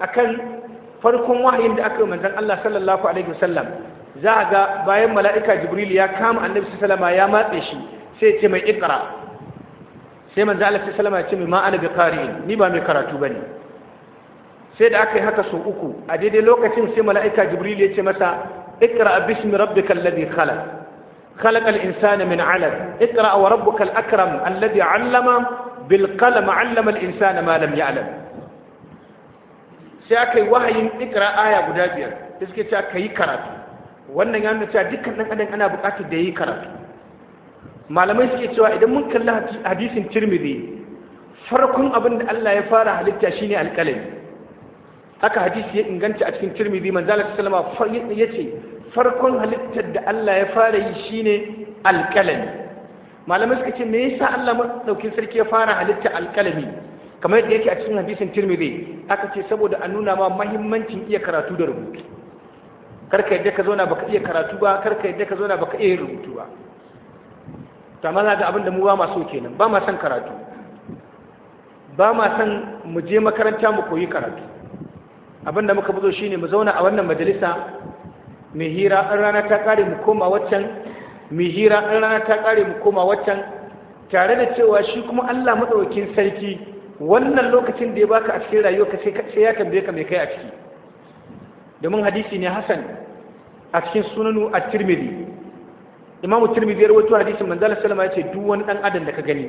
a kan farkon wahayin da aka yi manzon Allah sallallahu alaihi wasallam za a ga bayan mala'ika jibril ya kama annabi Salama ya matse shi sai ce mai ikra sai manzo Allah Salama ya ce mai ma ana bi ni ba mai karatu ba ne. sai da aka yi haka sau uku a daidai lokacin sai mala'ika jibril ya ce masa ikra bismi rabbika alladhi khalaq خلق الإنسان من علم اقرأ وربك الأكرم الذي علم بالقلم علم الإنسان ما لم يعلم سيأكي وحي اقرأ آية قدابية تسكي تأكي كرات wannan ya nuna cewa dukkan ɗan ana buƙatar da yi karatu malamai suke cewa idan mun kalli hadisin tirmidhi farkon abin da Allah ya fara halitta shine alƙalami haka hadisi ya inganta a cikin tirmidhi manzo Allah sallama yace farkon halittar da Allah ya fara yi shine alqalami malamai suka ce me yasa Allah madaukin sarki ya fara halitta alqalami kamar yadda yake a cikin hadisin tirmidhi aka ce saboda a nuna ma mahimmancin iya karatu da rubutu karka yadda ka zauna baka iya karatu ba karka yadda ka zauna baka iya rubutu ba to amma ga abin da mu ba ma so kenan ba ma son karatu ba ma son mu je makaranta mu koyi karatu abin da muka buzo shine mu zauna a wannan majalisa mu hira an rana ta kare mu koma waccan mu hira rana ta mu koma waccan tare da cewa shi kuma Allah madaukakin sarki wannan lokacin da ya baka a cikin rayuwa sai ya tambaye ka mai kai a ciki domin hadisi ne Hassan, a cikin sunanu a tirmidhi imamu tirmidhi ya rawaito hadisin manzo Allah ya ce duk wani dan adam da ka gani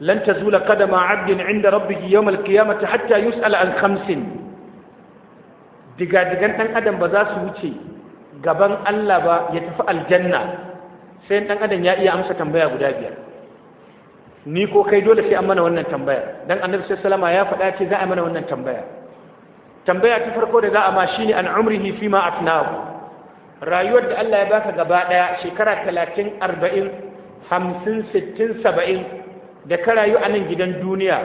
lan tazula qadama 'abdin 'inda rabbih yawm al-qiyamati hatta yus'ala an khamsin digadigan ɗan adam ba za su wuce gaban Allah ba ya tafi aljanna sai ɗan adam ya iya amsa tambaya guda biyar ni ko kai dole sai an mana wannan tambaya dan annabi sai salama ya faɗa ce za a mana wannan tambaya tambaya ta farko da za a ma shine an umrihi fi ma afnahu rayuwar da Allah ya baka gaba daya shekara 30 40 50 60 70 da ka rayu a nan gidan duniya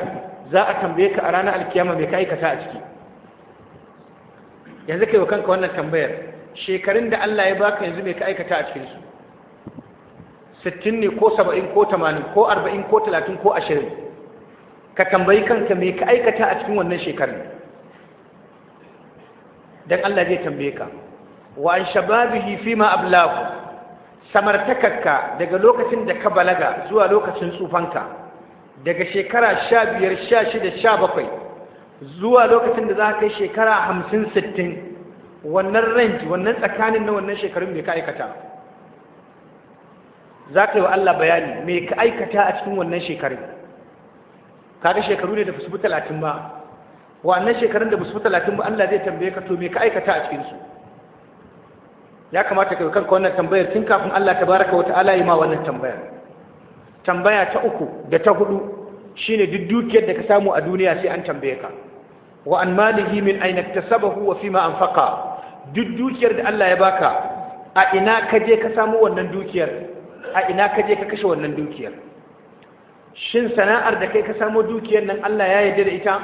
za a tambaye ka a ranar alkiyama me ka aikata a ciki yanzu kai wa kanka wannan tambayar shekarun da Allah ya baka yanzu mai ka aikata a cikin su sittin ne ko saba'in ko tamanin ko arba'in ko talatin ko ashirin ka tambayi kanka mai ka aikata a cikin wannan shekarun dan Allah zai tambaye ka wa an shababihi ma ablaku samartakarka daga lokacin da ka balaga zuwa lokacin tsufanka daga shekara sha biyar sha shida sha bakwai zuwa lokacin da za ka yi shekara hamsin sittin wannan range wannan tsakanin na wannan shekarun mai ka aikata za ka yi wa Allah bayani mai ka aikata a cikin wannan shekarun kaga shekaru ne da ba su fi talatin ba wannan shekarun da ba su fi talatin ba Allah zai tambaye ka to me ka aikata a cikinsu ya kamata ka yi kanka wannan tambayar tun kafin Allah ta baraka wata ala yi ma wannan tambayar tambaya ta uku da ta hudu shine duk dukiyar da ka samu a duniya sai an tambaye ka wa an malihi min aina iktasabahu wa duk dukiyar da Allah ya baka a ina ka ka samu wannan dukiyar a ina ka ka kashe wannan dukiyar shin sana'ar da kai ka samu dukiyar nan Allah ya yarda da idan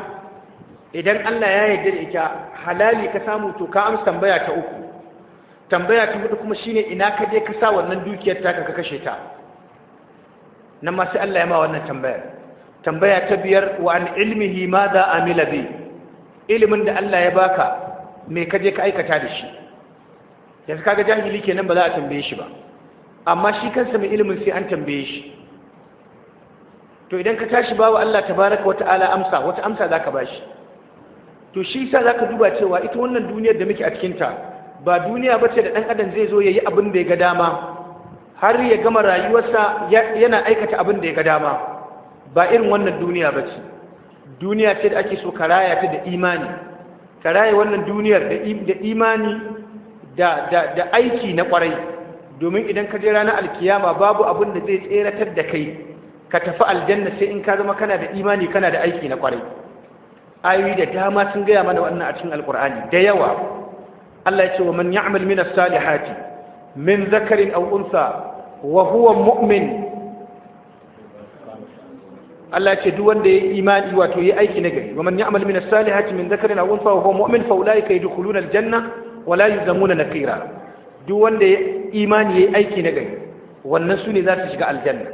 Allah ya yarda da ita halali ka samu to ka amsa tambaya ta uku tambaya ta hudu kuma shine ina ka ka sa wannan dukiyar ta kashe ta ma sai Allah ya ma wannan tambayar tambaya ta biyar wa an ma za ilimin da Allah ya baka me kaje ka aikata da shi yanzu kaga jahili kenan ba za a tambaye shi ba amma shi kansa mai ilimin sai an tambaye shi to idan ka tashi bawa Allah tabaraka wa ta'ala amsa wata amsa zaka shi. to shi yasa zaka duba cewa ita wannan duniyar da muke a cikin ta ba duniya ba ce da ɗan adam zai zo ya yi abin da ya ga dama har ya gama rayuwarsa yana aikata abin da ya ga dama ba irin wannan duniya ba bace duniya ce da ake so ka raya ta da imani ka raya wannan duniyar da imani da aiki na kwarai domin idan ka je ranar alkiyama babu abin da zai tseratar da kai ka tafi aljanna sai in ka zama kana da imani kana da aiki na kwarai ayoyi da dama sun gaya mana wannan a cikin alkur'ani da yawa Allah ya ce wa man ya'mal min as-salihati min zakarin aw unsa wa huwa mu'min Allah ce duk wanda yayi imani wato yayi aiki nagari wa man ya'mal min as-salihati min dhakarin aw unsa wa huwa mu'min fa ulaika yadkhuluna al-janna wa la yuzamuna naqira duk wanda yayi imani yayi aiki nagari wannan su ne za su shiga aljanna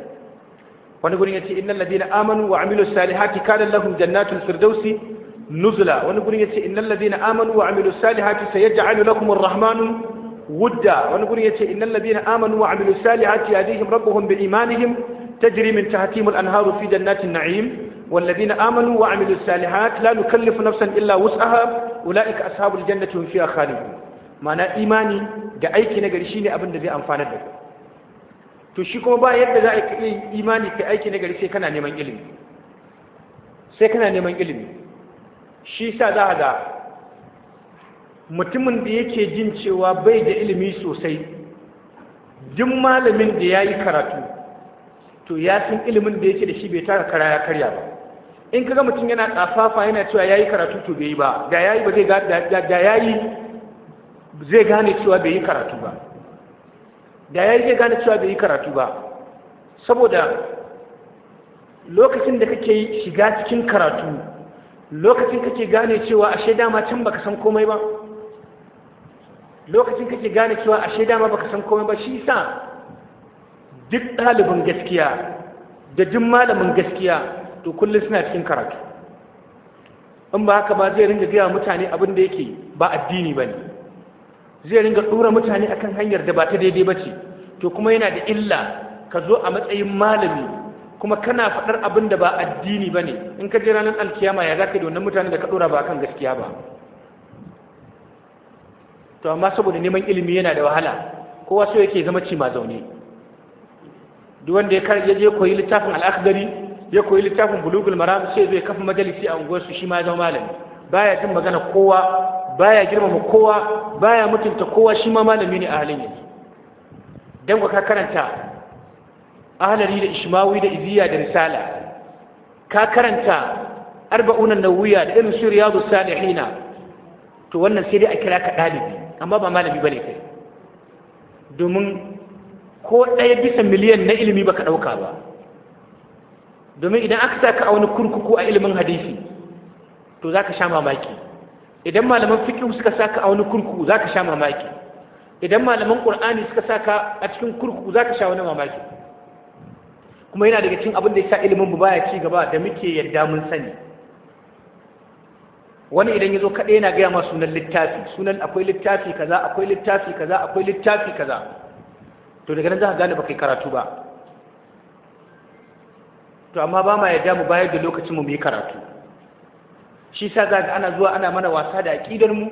wani gurin yace innal ladina amanu wa amilu salihati kana lahum jannatul firdausi nuzula wani gurin yace innal ladina amanu wa amilu salihati sayaj'alu lakum ar-rahmanu wudda wani gurin yace innal ladina amanu wa amilu salihati yadihim rabbuhum bi imanihim تجري من تحتهم الأنهار في جنات النعيم والذين آمنوا وعملوا الصالحات لا نكلف نفسا إلا وسعها أولئك أصحاب الجنة هم فيها خالدون معنى إيماني da aiki na gari ne abin da zai amfana da to shi kuma ba yadda za a yi imani ka aiki na gari sai kana neman ilimi sai kana neman ilimi shi sa za ga mutumin da yake jin cewa bai da ilimi sosai duk malamin da ya yi karatu to ya san ilimin da yake da shi bai taka kara ya karya ba in kaga mutum yana tsafafa yana cewa yayi karatu to bai yi ba da yayi ba zai ga da yayi zai gane cewa bai yi karatu ba da yayi zai gane cewa bai yi karatu ba saboda lokacin da kake shiga cikin karatu lokacin kake gane cewa ashe dama can baka san komai ba lokacin kake gane cewa ashe dama baka san komai ba shi sa duk ɗalibin gaskiya da duk malamin gaskiya to kullum suna cikin karatu in ba haka ba zai ringa gaya mutane abin da yake ba addini ba ne zai ringa ɗura mutane akan hanyar da ba ta daidai ba ce to kuma yana da illa ka zo a matsayin malami kuma kana faɗar abin da ba addini ba ne in ka je ranar alkiyama ya za ka yi da wannan mutane da ka ɗora ba kan gaskiya ba to amma saboda neman ilimi yana da wahala kowa so yake zama cima zaune duk wanda ya je koyi littafin al'akhdari ya koyi littafin bulugul maram sai zai kafa majalisi a unguwarsu shi ma zama malami baya jin magana kowa baya girmama kowa baya mutunta kowa shi ma malami ne a halin yanzu dan ka karanta ahlari da ishmawi da iziya da risala ka karanta arba'una nawiya da irin su riyadu salihina to wannan sai dai a kira ka dalibi amma ba malami bane kai domin ko ɗaya bisa miliyan na ilimi baka ɗauka ba domin idan aka sa ka a wani kurkuku a ilimin hadisi to za ka sha mamaki idan malaman fikihu suka sa ka a wani kurkuku za ka sha mamaki idan malaman ƙur'ani suka sa ka a cikin kurkuku za ka sha wani mamaki kuma yana daga cikin abin da ya sa ilimin ba baya ci gaba da muke yadda mun sani wani idan ya zo kaɗai yana gaya ma sunan littafi sunan akwai littafi kaza akwai littafi kaza akwai littafi kaza to daga nan za a gane ba kai karatu ba to amma ba ma yadda mu bayar da lokacin mu yi karatu shi sa za ga ana zuwa ana mana wasa da aƙidar mu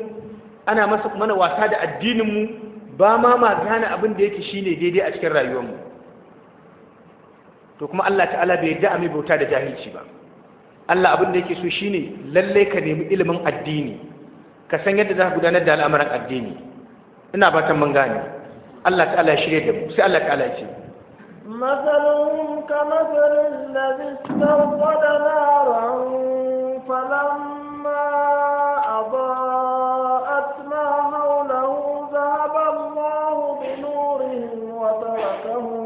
ana masa mana wasa da addinin mu ba ma ma gane abin da yake shine daidai a cikin rayuwar mu to kuma Allah ta'ala bai yadda a mai bauta da jahilci ba Allah abin da yake so shine lalle ka nemi ilimin addini ka san yadda za ka gudanar da al'amuran addini ina fatan mun gane Allah ta'ala ya shirye da mu sai Allah مثلهم كمثل الذي استوقد نارا فلما أضاءت ما حوله ذهب الله بنورهم وتركهم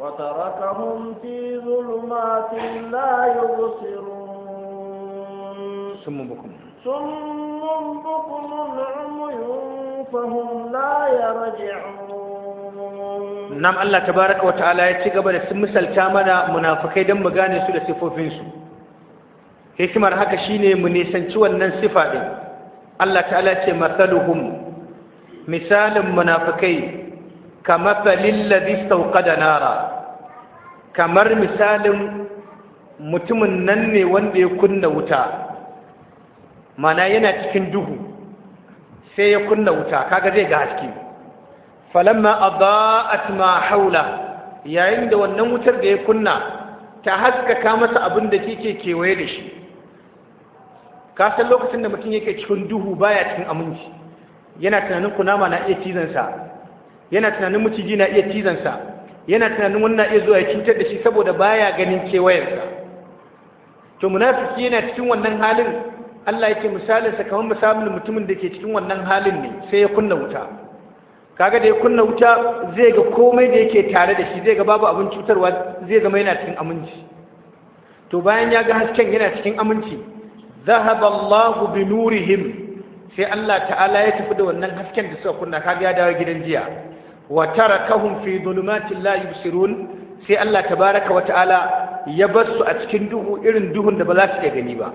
وتركهم في ظلمات لا يبصرون سم بكم سم بكم عمي فهم لا يرجعون نعم الله تبارك وتعالى mana munafukai تامنا منافقي su da sifofin su hikimar haka shine mu nisanci wannan sifa din Allah ta'ala ce masaluhum misalin munafikai kama falil ladhi istawqada nara kamar misalin mutumin nan ne wanda ya kunna wuta mana yana cikin duhu sai ya kunna wuta kaga zai ga haske falamma adaa'at ma haula yayin da wannan wutar da ya kunna ta haskaka masa abin da kike kewaye da shi ka san lokacin da mutum yake cikin duhu baya cikin aminci yana tunanin kunama na iya cizon sa yana tunanin maciji na iya cizon sa yana tunanin wannan iya zuwa ya cutar da shi saboda baya ganin kewayensa to munafiki yana cikin wannan halin Allah yake misalin sa kamar misalin mutumin da ke cikin wannan halin ne sai ya kunna wuta kaga da ya kunna wuta zai ga komai da yake tare da shi zai ga babu abin cutarwa zai zama yana cikin aminci to bayan ya ga hasken yana cikin aminci zahaba Allahu bi nurihim sai Allah ta'ala ya tafi da wannan hasken da suka kunna kaga ya dawo gidan jiya wa tarakahum fi dhulumatin la yubsirun sai Allah tabaraka wa ta'ala ya bar su a cikin duhu irin duhun da ba za su iya gani ba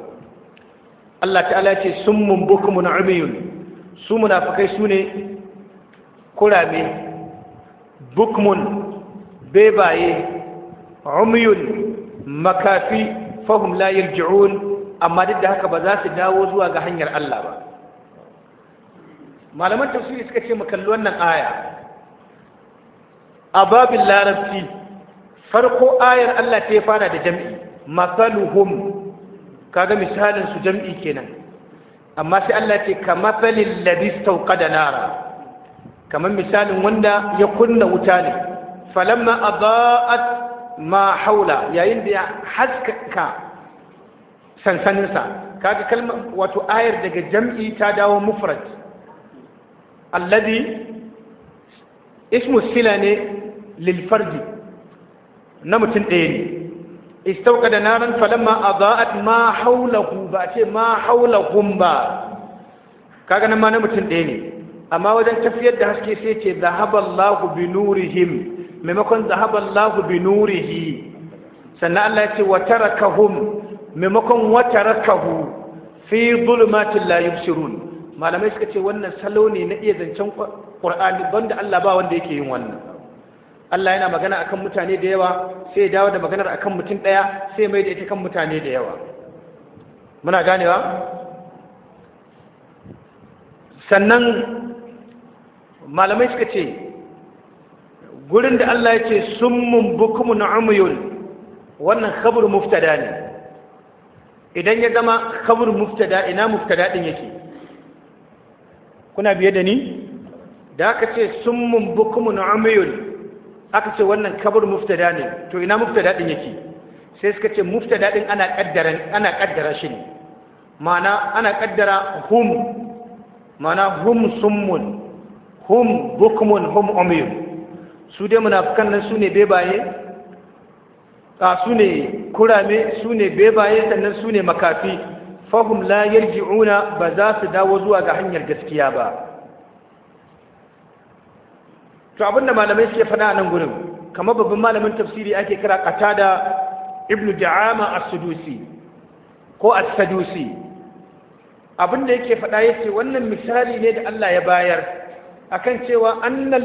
Allah ta'ala ce summun bukumun umiyun su munafikai su ne kurame bukmun bebaye umiyun makafi fahum la yarji'un amma duk da haka ba za su dawo zuwa ga hanyar Allah ba malaman tafsiri suka ce kalli wannan aya a babin larabci farko ayar Allah ta fara da jam'i masaluhum kaga misalin su jam'i kenan amma sai Allah ce kama falil ladhi istawqada nara kamar misalin wanda ya kunna wuta ne falamma adaa'at ma haula yayin da ya haskaka sansaninsa kaga kalmar wato ayar daga jam'i ta dawo mufrad alladhi ismu sila ne lil fardi na mutum ɗaya ne istauka da naran falamma adaat ma haulahu ba ce ma haulahum ba kaga nan ma na mutum ɗaya ne amma wajen tafiyar da haske sai ce zahaba Allahu bi nurihim maimakon zahaba Allahu bi nurihi sannan Allah ya ce wa tarakahum maimakon wa tarakahu fi dhulumatin la yubsirun malamai suka ce wannan salo ne na iya zancen Qur'ani banda Allah ba wanda yake yin wannan Allah yana magana akan mutane da yawa sai dawo da maganar akan mutum ɗaya sai mai da ita kan mutane da yawa muna ganewa sannan malamai suka ce gurin da Allah ya ce summun bukumun umyun wannan khabar muftada ne idan ya zama khabar muftada ina muftada din yake kuna biye da ni da aka ce summun bukumun umyun aka ce wannan kabar muftada ne to ina muftada din yake sai suka ce muftada din ana kaddara ana kaddara shi ne ma'ana ana kaddara hum ma'ana hum summun hum bukmun hum umyun su dai munafikan nan su ne bebaye a su ne kurame su ne bebaye sannan su ne makafi fahum la yarji'una ba za su dawo zuwa ga hanyar gaskiya ba to abin da malamai suke faɗa a nan gurin kamar babban malamin tafsiri ake kira qatada ibn da'ama as-sudusi ko as-sadusi abinda yake faɗa yace wannan misali ne da Allah ya bayar akan cewa annal